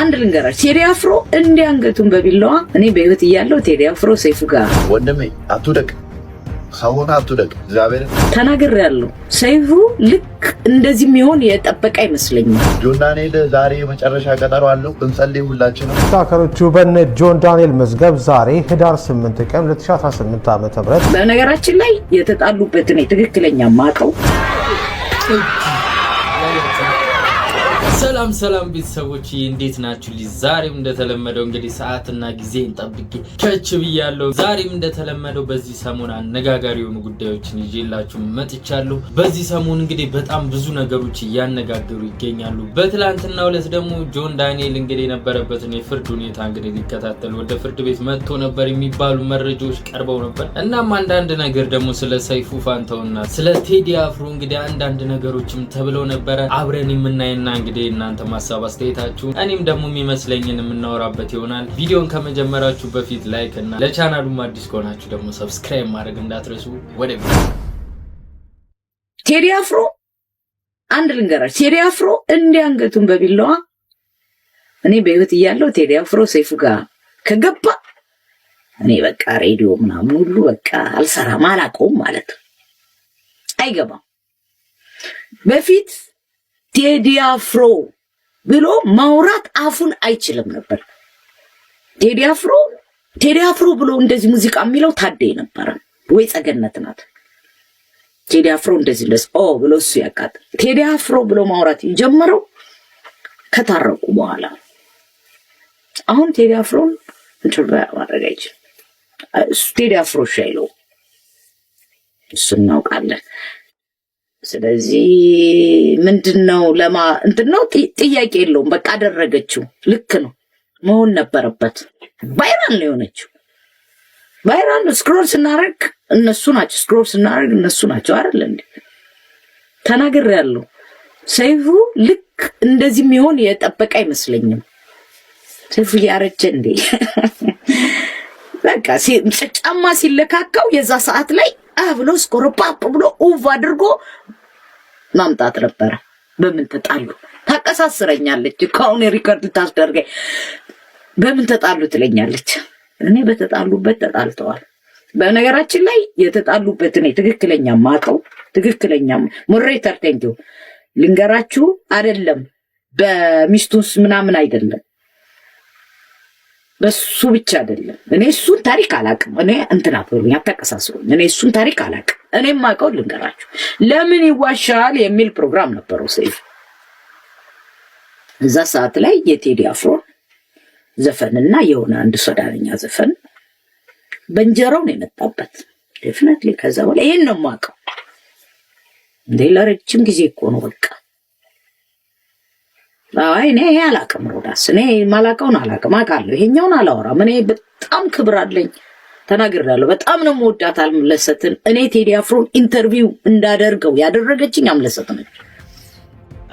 አንድ ልንገራ ቴዲ አፍሮ እንዲህ አንገቱን በቢላዋ እኔ በህይወት እያለው ቴዲ አፍሮ ሰይፉ ጋር ወንድሜ አትውደቅ ሰውን አትውደቅ እግዚአብሔር ተናገር ያለው ሰይፉ ልክ እንደዚህ የሚሆን የጠበቀ አይመስለኝም። ጆን ዳንኤል ዛሬ የመጨረሻ ቀጠሮ አለው። እንጸልይ ሁላችንም። ተከታታዮቹ በነ ጆን ዳንኤል መዝገብ ዛሬ ህዳር 8 ቀን 2018 ዓ.ም በነገራችን ላይ የተጣሉበትን ትክክለኛ ማቀው ሰላም ሰላም ቤተሰቦች እንዴት ናችሁ? ዛሬም እንደተለመደው እንግዲህ ሰዓትና ጊዜን ጠብቄ ከች ብያለሁ። ዛሬም እንደተለመደው በዚህ ሰሞን አነጋጋሪ የሆኑ ጉዳዮችን ይዤላችሁ መጥቻለሁ። በዚህ ሰሞን እንግዲህ በጣም ብዙ ነገሮች እያነጋገሩ ይገኛሉ። በትላንትና ዕለት ደግሞ ጆን ዳንኤል እንግዲህ የነበረበትን የፍርድ ሁኔታ እንግዲህ ሊከታተል ወደ ፍርድ ቤት መጥቶ ነበር የሚባሉ መረጃዎች ቀርበው ነበር። እናም አንዳንድ ነገር ደግሞ ስለ ሰይፉ ፋንታውና ስለ ቴዲ አፍሮ እንግዲህ አንዳንድ ነገሮችም ተብለው ነበረ አብረን የምናይና እንግዲህ እናንተ ማሳብ አስተያየታችሁን፣ እኔም ደግሞ የሚመስለኝን የምናወራበት ይሆናል። ቪዲዮን ከመጀመራችሁ በፊት ላይክ እና ለቻናሉም አዲስ ከሆናችሁ ደግሞ ሰብስክራይብ ማድረግ እንዳትረሱ። ወደ ቴዲ አፍሮ አንድ ልንገራችሁ፣ ቴዲ አፍሮ እንዲህ አንገቱን በቢላዋ እኔ በህይወት እያለው ቴዲ አፍሮ ሰይፉ ጋር ከገባ እኔ በቃ ሬዲዮ ምናምን ሁሉ በቃ አልሰራም አላቀውም ማለት ነው። አይገባም በፊት ቴዲ አፍሮ ብሎ ማውራት አፉን አይችልም ነበር። ቴዲ አፍሮ ቴዲ አፍሮ ብሎ እንደዚህ ሙዚቃ የሚለው ታዴ ነበረ ወይ ጸገነት ናት። ቴዲ አፍሮ እንደዚህ እንደዚህ ኦ ብሎ እሱ ያቃጥ ቴዲ አፍሮ ብሎ ማውራት የጀመረው ከታረቁ በኋላ። አሁን ቴዲ አፍሮን ኢንተርቪው ማድረግ አይችልም። ቴዲ አፍሮ ሻይለው እሱ እናውቃለን። ስለዚህ ምንድን ነው ለማ እንትን ነው ጥያቄ የለውም። በቃ አደረገችው። ልክ ነው መሆን ነበረበት። ቫይራል ነው የሆነችው። ቫይራል ነው ስክሮል ስናደርግ እነሱ ናቸው፣ ስክሮል ስናደርግ እነሱ ናቸው አይደለ እንዲ እንዴ? ያለው ሰይፉ ልክ እንደዚህ የሚሆን የጠበቀ አይመስለኝም። ሰይፉ እያረጀ እንዴ! በቃ ጫማ ሲለካካው የዛ ሰዓት ላይ ብሎ ስኮሮ ፓፕ ብሎ ኡቭ አድርጎ ማምጣት ነበረ። በምን ተጣሉ? ታቀሳስረኛለች። ከአሁን ሪከርድ ታስደርገኝ። በምን ተጣሉ ትለኛለች። እኔ በተጣሉበት ተጣልተዋል። በነገራችን ላይ የተጣሉበት እኔ ትክክለኛ ማቀው ትክክለኛ ሞሬተር ቴንኪው ልንገራችሁ፣ አይደለም በሚስቱስ ምናምን አይደለም በሱ ብቻ አይደለም። እኔ እሱን ታሪክ አላቅም። እኔ እንትን አትበሉኝ፣ አታቀሳስሩኝ። እኔ እሱን ታሪክ አላቅም። እኔ የማውቀው ልንገራችሁ። ለምን ይዋሻል የሚል ፕሮግራም ነበረው ሰይፉ። እዛ ሰዓት ላይ የቴዲ አፍሮን ዘፈንና የሆነ አንድ ሶዳለኛ ዘፈን በእንጀራው ነው የመጣበት። ዴፍነትሊ ከዛ በኋላ ይህን ነው የማውቀው። እንዴ ለረጅም ጊዜ እኮ ነው በቃ አይ እኔ ይሄ ሮዳስ፣ እኔ ማላቀውን አላውቅም። አውቃለሁ ይሄኛውን አላወራም። እኔ በጣም ክብር አለኝ፣ ተናግሬያለሁ። በጣም ነው የምወዳት አምለሰትን። እኔ ቴዲ አፍሮን ኢንተርቪው እንዳደርገው ያደረገችኝ አምለሰት ነች።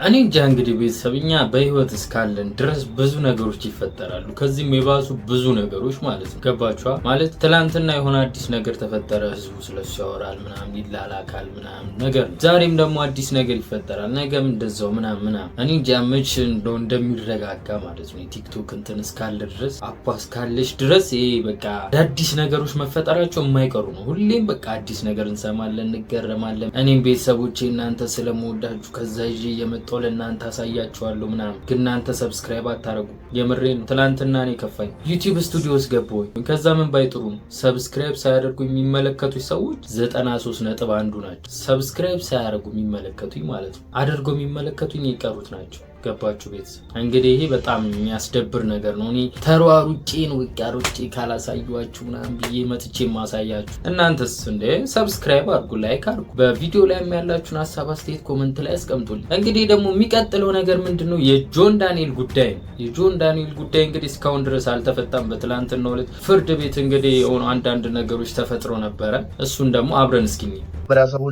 እኔ እንጃ እንግዲህ ቤተሰብ እኛ በህይወት እስካለን ድረስ ብዙ ነገሮች ይፈጠራሉ። ከዚህም የባሱ ብዙ ነገሮች ማለት ነው። ገባችኋ? ማለት ትላንትና የሆነ አዲስ ነገር ተፈጠረ፣ ህዝቡ ስለሱ ያወራል ምናምን ይላላካል ምናምን ነገር። ዛሬም ደግሞ አዲስ ነገር ይፈጠራል፣ ነገም እንደዛው ምናምን ምናምን። እኔ እንጃ መች እንደው እንደሚረጋጋ ማለት ነው። የቲክቶክ እንትን እስካለ ድረስ አፓ እስካለች ድረስ ይሄ በቃ አዳዲስ ነገሮች መፈጠራቸው የማይቀሩ ነው። ሁሌም በቃ አዲስ ነገር እንሰማለን፣ እንገረማለን። እኔም ቤተሰቦቼ እናንተ ስለመወዳችሁ ከዛ ይዤ እየመጣ እየመጣሁ ለእናንተ አሳያችኋለሁ ምናምን፣ ግን እናንተ ሰብስክራይብ አታረጉ። የምሬ ነው። ትላንትና ነው ከፋኝ። ዩቲዩብ ስቱዲዮስ ገባሁኝ። ከዛ ምን ባይጥሩ ነው ሰብስክራይብ ሳያደርጉ የሚመለከቱኝ ሰዎች 93 ነጥብ አንዱ ናቸው። ሰብስክራይብ ሳያደርጉ የሚመለከቱኝ ማለት ነው። አድርገው የሚመለከቱኝ የቀሩት ናቸው። ገባችሁ ቤተሰብ? እንግዲህ ይሄ በጣም የሚያስደብር ነገር ነው። እኔ ተሯሩጬ ነው ውቅያ ሩጬ ካላሳዩችሁ ምናምን ብዬ መጥቼ ማሳያችሁ። እናንተስ እንደ ሰብስክራይብ አድርጉ፣ ላይክ አድርጉ። በቪዲዮ ላይ ያላችሁን ሀሳብ አስተያየት ኮመንት ላይ አስቀምጡልኝ። እንግዲህ ደግሞ የሚቀጥለው ነገር ምንድን ነው? የጆን ዳንኤል ጉዳይ ነው። የጆን ዳንኤል ጉዳይ እንግዲህ እስካሁን ድረስ አልተፈታም። በትላንትናው ዕለት ፍርድ ቤት እንግዲህ የሆኑ አንዳንድ ነገሮች ተፈጥሮ ነበረ። እሱን ደግሞ አብረን እስኪ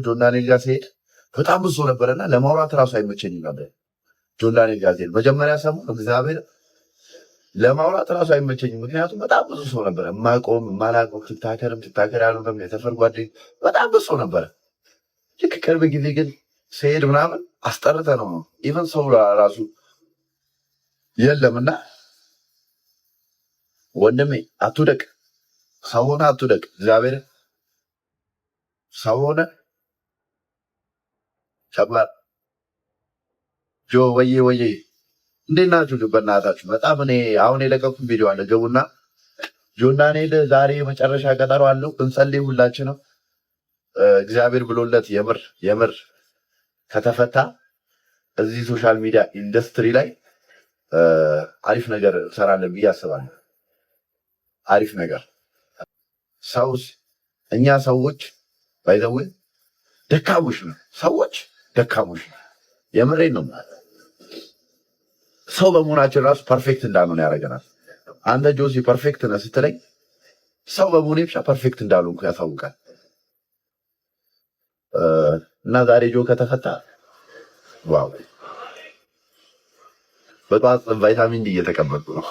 ጆን ዳንኤል ጋር ሲሄድ በጣም ብዙ ነበረና ለማውራት ራሱ አይመቸኝም ነበር ጆላኔ ጋዜል መጀመሪያ ሰሞን እግዚአብሔር ለማውራት ራሱ አይመቸኝም። ምክንያቱም በጣም ብዙ ሰው ነበረ የማቆም የማላቆም ትታከርም ትታከር ያሉም የተፈር ጓደኝ በጣም ብዙ ሰው ነበረ። ልክ ቅርብ ጊዜ ግን ሲሄድ ምናምን አስጠርተ ነው ኢቨን ሰው ራሱ የለምና ወንድሜ አትውደቅ፣ ሰው ሆነ አትውደቅ። እግዚአብሔር ሰው ሆነ ሸባር ጆ ወዬ ወዬ እንዴት ናችሁ? በእናታችሁ በጣም እኔ አሁን የለቀኩት ቪዲዮ አለ። ገቡና ጆና ኔል ዛሬ መጨረሻ ቀጠሮ አለው። እንጸልይ ሁላችንም እግዚአብሔር ብሎለት የምር የምር ከተፈታ እዚህ ሶሻል ሚዲያ ኢንዱስትሪ ላይ አሪፍ ነገር እንሰራለን ብዬ አስባለሁ። አሪፍ ነገር ሰው እኛ ሰዎች ባይዘው ደካሞች ነው። ሰዎች ደካሞች ነው። የምሬ ነው። ሰው በመሆናችን ራሱ ፐርፌክት እንዳንሆን ያደርገናል። አንተ ጆሲ ፐርፌክት ነህ ስትለኝ ሰው በመሆኔ ብቻ ፐርፌክት እንዳልሆንኩ ያሳውቃል። እና ዛሬ ጆ ከተፈታ ዋው! በጠዋት ቫይታሚን ዲ እየተቀበልኩ ነው።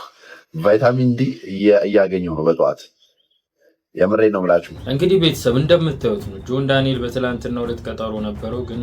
ቫይታሚን ዲ እያገኘሁ ነው በጠዋት የምሬ ነው ብላችሁ እንግዲህ ቤተሰብ እንደምታዩት ነው። ጆን ዳንኤል በትላንትና ዕለት ቀጠሮ ነበረው፣ ግን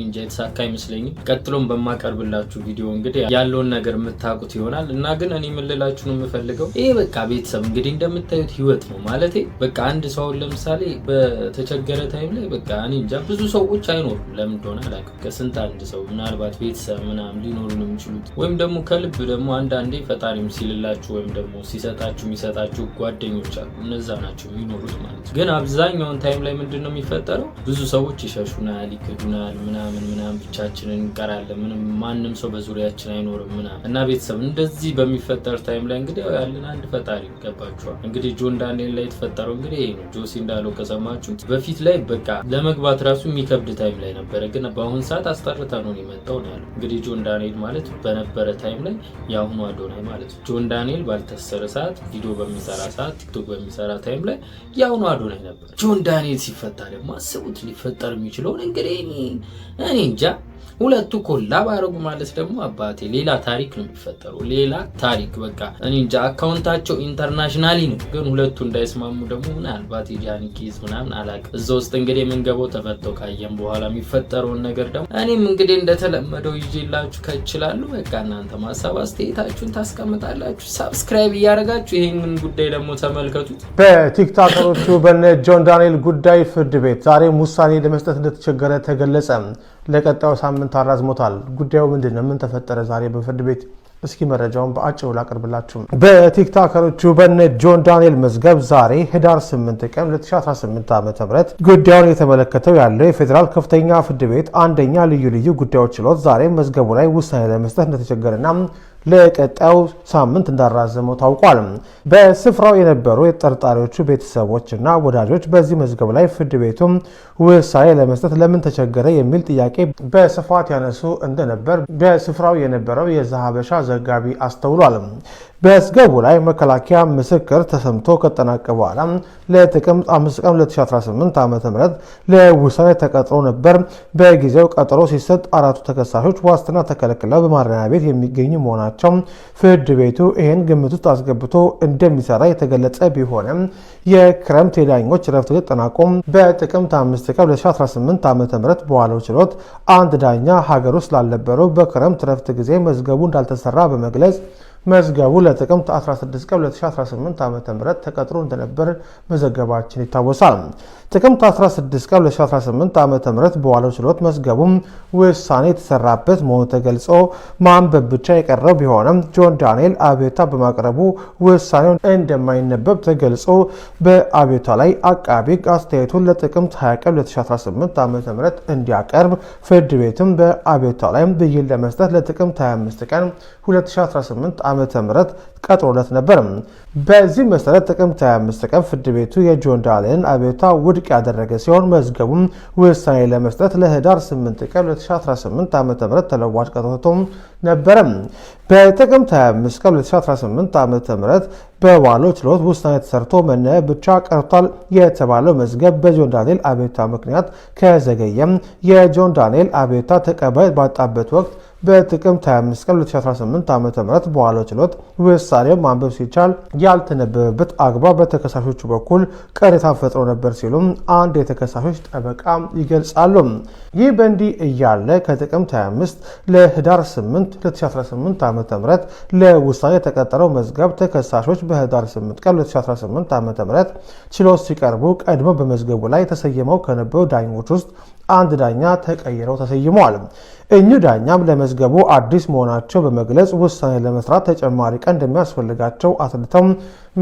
እንጃ የተሳካ አይመስለኝም። ቀጥሎም በማቀርብላችሁ ቪዲዮ እንግዲህ ያለውን ነገር የምታውቁት ይሆናል እና ግን እኔ የምልላችሁ ነው የምፈልገው ይሄ በቃ ቤተሰብ እንግዲህ እንደምታዩት ህይወት ነው ማለት በቃ አንድ ሰውን ለምሳሌ በተቸገረ ታይም ላይ በቃ እኔ እንጃ ብዙ ሰዎች አይኖሩም። ለምን እንደሆነ አላውቅም። ከስንት አንድ ሰው ምናልባት ቤተሰብ ምናምን ሊኖሩ ነው የሚችሉት ወይም ደግሞ ከልብ ደግሞ አንዳንዴ ፈጣሪም ሲልላችሁ ወይም ደግሞ ሲሰጣችሁ የሚሰጣችሁ ጓደኞች አሉ። እነዛ ናቸው የሚኖሩት ማለት ነው። ግን አብዛኛውን ታይም ላይ ምንድን ነው የሚፈጠረው? ብዙ ሰዎች ይሸሹናል፣ ይክዱናል፣ ምናምን ምናምን ብቻችንን እንቀራለን፣ ምንም ማንም ሰው በዙሪያችን አይኖርም ምናምን እና ቤተሰብ እንደዚህ በሚፈጠር ታይም ላይ እንግዲህ ያው ያለን አንድ ፈጣሪ ገባችኋል። እንግዲህ ጆን ዳንኤል ላይ የተፈጠረው እንግዲህ ይሄ ነው። ጆሲ እንዳለው ከሰማችሁት በፊት ላይ በቃ ለመግባት ራሱ የሚከብድ ታይም ላይ ነበረ፣ ግን በአሁን ሰዓት አስጠርታ ነው የመጣው ነው ያለው። እንግዲህ ጆን ዳንኤል ማለት በነበረ ታይም ላይ የአሁኑ አዶናይ ማለት ነው። ጆን ዳንኤል ባልተሰረ ሰዓት ቪዲዮ በሚሰራ ሰዓት ቲክቶክ በሚሰራ ታይም ላይ ያውኑ አዶናይ ነበር። ጆን ዳንኤል ሲፈታ ደግሞ አስቡት ሊፈጠር የሚችለውን እንግዲህ እኔ እንጃ። ሁለቱ ኮላ ባረጉ ማለት ደግሞ አባቴ ሌላ ታሪክ ነው የሚፈጠረው። ሌላ ታሪክ በቃ እኔ እንጃ። አካውንታቸው ኢንተርናሽናሊ ነው፣ ግን ሁለቱ እንዳይስማሙ ደግሞ ምናልባት የጃኒ ምናምን አላውቅም። እዛ ውስጥ እንግዲህ የምንገባው ተፈተው ካየን በኋላ የሚፈጠረውን ነገር ደግሞ እኔም እንግዲህ እንደተለመደው ይዤላችሁ ከችላሉ። በቃ እናንተ ማሳብ አስተያየታችሁን ታስቀምጣላችሁ። ሳብስክራይብ እያደረጋችሁ ይህንን ጉዳይ ደግሞ ተመልከቱ። በቲክቶከሮቹ በነ ጆን ዳንኤል ጉዳይ ፍርድ ቤት ዛሬም ውሳኔ ለመስጠት እንደተቸገረ ተገለጸ። ለቀጣዩ ሳምንት አራዝሞታል። ጉዳዩ ምንድን ነው? ምን ተፈጠረ ዛሬ በፍርድ ቤት? እስኪ መረጃውን በአጭሩ ላቅርብላችሁ። በቲክታከሮቹ በነ ጆን ዳንኤል መዝገብ ዛሬ ህዳር 8 ቀን 2018 ዓ ም ጉዳዩን የተመለከተው ያለው የፌዴራል ከፍተኛ ፍርድ ቤት አንደኛ ልዩ ልዩ ጉዳዮች ችሎት ዛሬ መዝገቡ ላይ ውሳኔ ለመስጠት እንደተቸገረና ለቀጣዩ ሳምንት እንዳራዘመው ታውቋል። በስፍራው የነበሩ የተጠርጣሪዎቹ እና ወዳጆች በዚህ መዝገብ ላይ ፍርድ ቤቱም ውሳኔ ለመስጠት ለምን ተቸገረ የሚል ጥያቄ በስፋት ያነሱ እንደነበር በስፍራው የነበረው የዛሀበሻ ዘጋቢ አስተውሏል። በስገቡ ላይ መከላከያ ምስክር ተሰምቶ ከጠናቀ በኋላ ለጥቅምት 5 ቀን 2018 ዓ.ም ለውሳኔ ተቀጥሮ ነበር። በጊዜው ቀጠሮ ሲሰጥ አራቱ ተከሳሾች ዋስትና ተከልክለው በማረሚያ ቤት የሚገኙ መሆናቸው ፍርድ ቤቱ ይህን ግምት ውስጥ አስገብቶ እንደሚሰራ የተገለጸ ቢሆንም የክረምት የዳኞች ረፍት ተጠናቆ በጥቅምት 5 ቀን 2018 ዓ.ም በዋለው ችሎት አንድ ዳኛ ሀገር ውስጥ ላልነበረው በክረምት ረፍት ጊዜ መዝገቡ እንዳልተሰራ በመግለጽ መዝገቡ ለጥቅምት 16 ቀን 2018 ዓ ም ተቀጥሮ እንደነበር መዘገባችን ይታወሳል። ጥቅምት 16 ቀን 2018 ዓ ም በዋለው ችሎት መዝገቡም ውሳኔ የተሰራበት መሆኑ ተገልጾ ማንበብ ብቻ የቀረው ቢሆንም ጆን ዳንኤል አቤቱታ በማቅረቡ ውሳኔው እንደማይነበብ ተገልጾ በአቤቱታ ላይ አቃቢ አስተያየቱን ለጥቅምት 20 ቀን 2018 ዓ ም እንዲያቀርብ ፍርድ ቤትም በአቤቱታ ላይ ብይን ለመስጠት ለጥቅምት 25 ቀን 2018 ዓመተ ምህረት ቀጥሮለት ነበር። በዚህ መሰረት ጥቅምት 25 ቀን ፍርድ ቤቱ የጆን ዳሌን አቤቱታ ውድቅ ያደረገ ሲሆን መዝገቡም ውሳኔ ለመስጠት ለህዳር 8 ቀን 2018 ዓ ም ተለዋጭ ቀጠሮ ነበረ። በጥቅምት 25 ቀን 2018 ዓ ም በዋለው ችሎት ውሳኔ ተሰርቶ መነ ብቻ ቀርቷል የተባለው መዝገብ በጆን ዳንኤል አቤቱታ ምክንያት ከዘገየም የጆን ዳንኤል አቤቱታ ተቀባይነት ባጣበት ወቅት በጥቅምት 25 ቀን 2018 ዓ ም በዋለው ችሎት ውሳኔው ማንበብ ሲቻል ያልተነበበበት አግባብ በተከሳሾቹ በኩል ቅሬታ ፈጥሮ ነበር ሲሉም አንድ የተከሳሾች ጠበቃ ይገልጻሉ። ይህ በእንዲህ እያለ ከጥቅምት 25 ለህዳር 8 2018 ዓ ም ለውሳኔ የተቀጠረው መዝገብ ተከሳሾች በህዳር 8 ቀን 2018 ዓ ም ችሎት ሲቀርቡ ቀድሞ በመዝገቡ ላይ ተሰየመው ከነበሩ ዳኞች ውስጥ አንድ ዳኛ ተቀይረው ተሰይመዋል። እኚህ ዳኛም ለመዝገቡ አዲስ መሆናቸው በመግለጽ ውሳኔ ለመስራት ተጨማሪ ቀን እንደሚያስፈልጋቸው አስልተው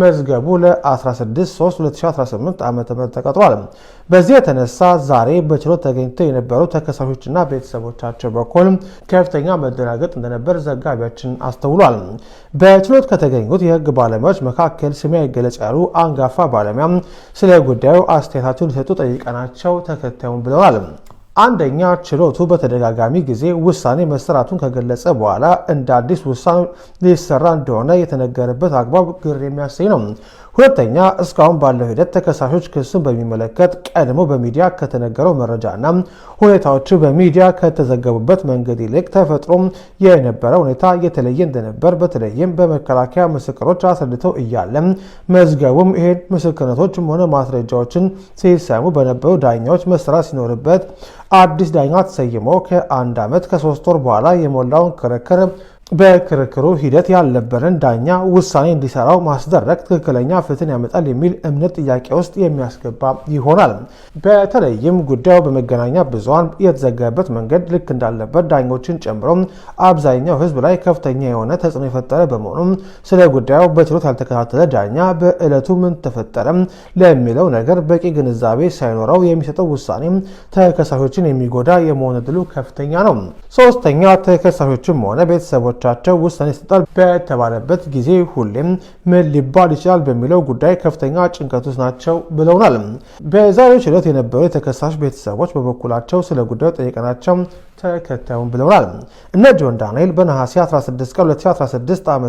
መዝገቡ ለ16/3/2018 ዓ.ም ተቀጥሯል። በዚህ የተነሳ ዛሬ በችሎት ተገኝተው የነበሩ ተከሳሾችና ቤተሰቦቻቸው በኩል ከፍተኛ መደናገጥ እንደነበር ዘጋቢያችን አስተውሏል። በችሎት ከተገኙት የህግ ባለሙያዎች መካከል ስሜ አይገለጽ ያሉ አንጋፋ ባለሙያ ስለ ጉዳዩ አስተያየታቸውን ሊሰጡ ጠይቀናቸው ተከታዩን ብለዋል። አንደኛ ችሎቱ በተደጋጋሚ ጊዜ ውሳኔ መሰራቱን ከገለጸ በኋላ እንደ አዲስ ውሳኔ ሊሰራ እንደሆነ የተነገረበት አግባብ ግር የሚያሰኝ ነው። ሁለተኛ እስካሁን ባለው ሂደት ተከሳሾች ክሱን በሚመለከት ቀድሞ በሚዲያ ከተነገረው መረጃና ሁኔታዎቹ በሚዲያ ከተዘገቡበት መንገድ ይልቅ ተፈጥሮ የነበረ ሁኔታ የተለየ እንደነበር በተለይም በመከላከያ ምስክሮች አስረድተው እያለ መዝገቡም ይሄን ምስክርነቶችም ሆነ ማስረጃዎችን ሲሰሙ በነበሩ ዳኛዎች መስራት ሲኖርበት አዲስ ዳኛ ተሰይሞ ከአንድ ዓመት ከሶስት ወር በኋላ የሞላውን ክርክር በክርክሩ ሂደት ያልነበረን ዳኛ ውሳኔ እንዲሰራው ማስደረግ ትክክለኛ ፍትህን ያመጣል የሚል እምነት ጥያቄ ውስጥ የሚያስገባ ይሆናል። በተለይም ጉዳዩ በመገናኛ ብዙሃን የተዘገበበት መንገድ ልክ እንዳለበት ዳኞችን ጨምሮ አብዛኛው ሕዝብ ላይ ከፍተኛ የሆነ ተጽዕኖ የፈጠረ በመሆኑ ስለ ጉዳዩ በችሎት ያልተከታተለ ዳኛ በዕለቱ ምን ተፈጠረ ለሚለው ነገር በቂ ግንዛቤ ሳይኖረው የሚሰጠው ውሳኔ ተከሳሾችን የሚጎዳ የመሆን ዕድሉ ከፍተኛ ነው። ሶስተኛ ተከሳሾችም ሆነ ቤተሰቦች ዳኞቻቸው ውሳኔ ይሰጣል በተባለበት ጊዜ ሁሌም ምን ሊባል ይችላል በሚለው ጉዳይ ከፍተኛ ጭንቀት ውስጥ ናቸው ብለውናል። በዛሬው ችሎት የነበሩ የተከሳሽ ቤተሰቦች በበኩላቸው ስለ ጉዳዩ ጠየቀናቸው። ተከታዩን ብለውናል። እነ ጆን ዳንኤል በነሐሴ 16 ቀን 2016 ዓ ም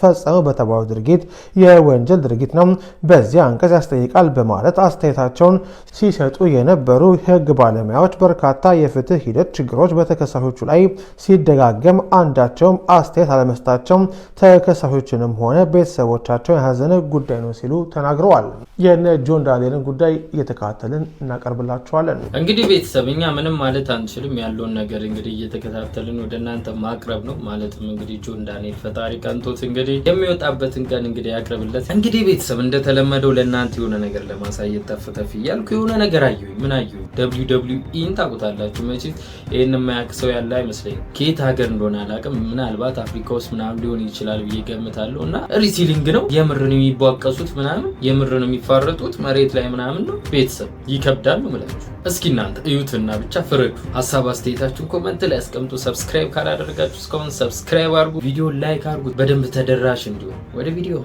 ፈጸሙ በተባለው ድርጊት የወንጀል ድርጊት ነው፣ በዚህ አንቀጽ ያስጠይቃል በማለት አስተያየታቸውን ሲሰጡ የነበሩ የህግ ባለሙያዎች በርካታ የፍትህ ሂደት ችግሮች በተከሳሾቹ ላይ ሲደጋገም አንዳቸውም አስተያየት አለመስታቸው ተከሳሾችንም ሆነ ቤተሰቦቻቸውን ያሳዘነ ጉዳይ ነው ሲሉ ተናግረዋል። የነ ጆን ዳንኤልን ጉዳይ እየተከታተልን እናቀርብላቸዋለን። እንግዲህ ቤተሰብ እኛ ምንም ማለት አንችልም ያለውን ነገር እንግዲህ እየተከታተልን ወደ እናንተ ማቅረብ ነው። ማለትም እንግዲህ ጆን ዳንኤል ፈጣሪ ቀንቶት እንግዲህ የሚወጣበትን ቀን እንግዲህ ያቅርብለት። እንግዲህ ቤተሰብ እንደተለመደው ለእናንተ የሆነ ነገር ለማሳየት ተፍተፍ እያልኩ የሆነ ነገር አየሁኝ። ምን አየሁኝ? ደብሊው ደብሊው ኢን ታውቁታላችሁ መቼት። ይህን የማያውቅ ሰው ያለ አይመስለኝም። ከየት ሀገር እንደሆነ አላውቅም። ምናልባት አፍሪካ ውስጥ ምናምን ሊሆን ይችላል ብዬ ገምታለሁ። እና ሪሲሊንግ ነው የምር ነው የሚቧቀሱት ምናምን የምር ነው የሚፋረጡት መሬት ላይ ምናምን ነው። ቤተሰብ ይከብዳል ነው ምላችሁ። እስኪ እናንተ እዩትና ብቻ ፍረዱ። ሀሳብ አስተያየታችሁ ያላችሁ ኮመንት ላይ አስቀምጡ። ሰብስክራይብ ካላደረጋችሁ እስካሁን ሰብስክራይብ አድርጉ። ቪዲዮ ላይክ አድርጉት በደንብ ተደራሽ እንዲሆን። ወደ ቪዲዮ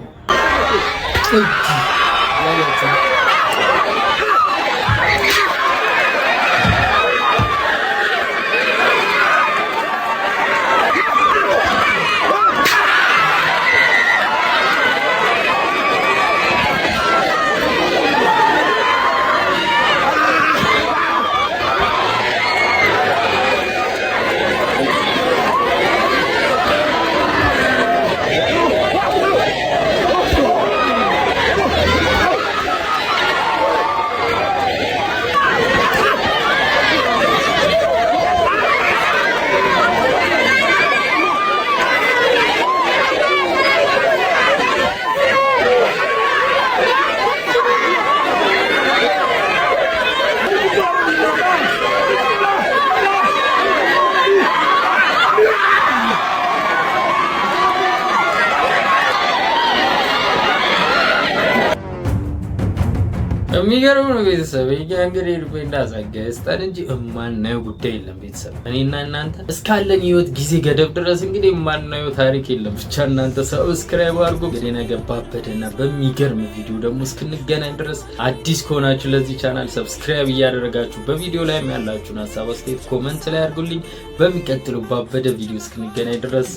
የሚገርም ነው ቤተሰብ። እኛ እንግዲህ ልቤ እንዳዘጋ ስጠን እንጂ የማናየው ጉዳይ የለም ቤተሰብ። እኔና እናንተ እስካለን ህይወት ጊዜ ገደብ ድረስ እንግዲህ የማናየው ታሪክ የለም። ብቻ እናንተ ሰብስክራይብ አድርጎ እንግዲህ ነገ ባበደና በሚገርም ቪዲዮ ደግሞ እስክንገናኝ ድረስ አዲስ ከሆናችሁ ለዚህ ቻናል ሰብስክራይብ እያደረጋችሁ በቪዲዮ ላይም ያላችሁን ሀሳብ አስተያየት ኮመንት ላይ አድርጉልኝ። በሚቀጥለው ባበደ ቪዲዮ እስክንገናኝ ድረስ